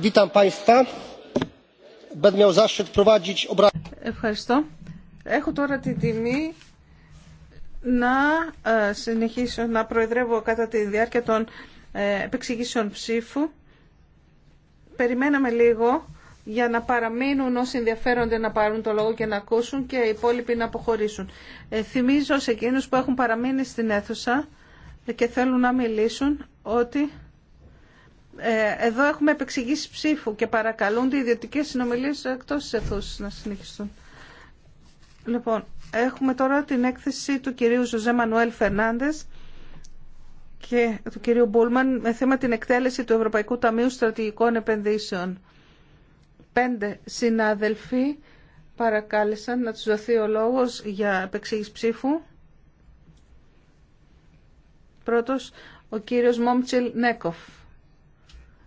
Witam Państwa. Ευχαριστώ. Έχω τώρα την τιμή να ε, συνεχίσω να προεδρεύω κατά τη διάρκεια των ε, επεξηγήσεων ψήφου. Περιμέναμε λίγο για να παραμείνουν όσοι ενδιαφέρονται να πάρουν το λόγο και να ακούσουν και οι υπόλοιποι να αποχωρήσουν. Ε, θυμίζω σε εκείνους που έχουν παραμείνει στην αίθουσα και θέλουν να μιλήσουν ότι ε, εδώ έχουμε επεξηγήσει ψήφου και παρακαλούνται οι ιδιωτικές συνομιλίε εκτός τη αιθούση να συνεχιστούν. Λοιπόν, έχουμε τώρα την έκθεση του κυρίου Ζωζέ Μανουέλ Φερνάντες και του κυρίου Μπούλμαν με θέμα την εκτέλεση του Ευρωπαϊκού Ταμείου Στρατηγικών Επενδύσεων. Πέντε συνάδελφοι παρακάλεσαν να τους δοθεί ο λόγος για επεξήγηση ψήφου. Πρώτος, ο κύριος Μόμτσιλ Νέκοφ.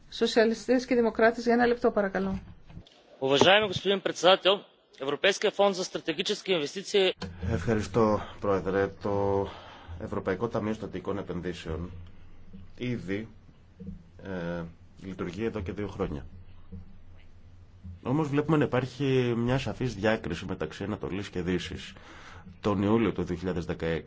Σοσιαλιστές και Δημοκράτες, για ένα λεπτό παρακαλώ. Ευχαριστώ, Πρόεδρε. Το Ευρωπαϊκό Ταμείο Στατικών Επενδύσεων ήδη ε, λειτουργεί εδώ και δύο χρόνια. Όμως βλέπουμε να υπάρχει μια σαφής διάκριση μεταξύ Ανατολής και Δύσης. Τον Ιούλιο του 2016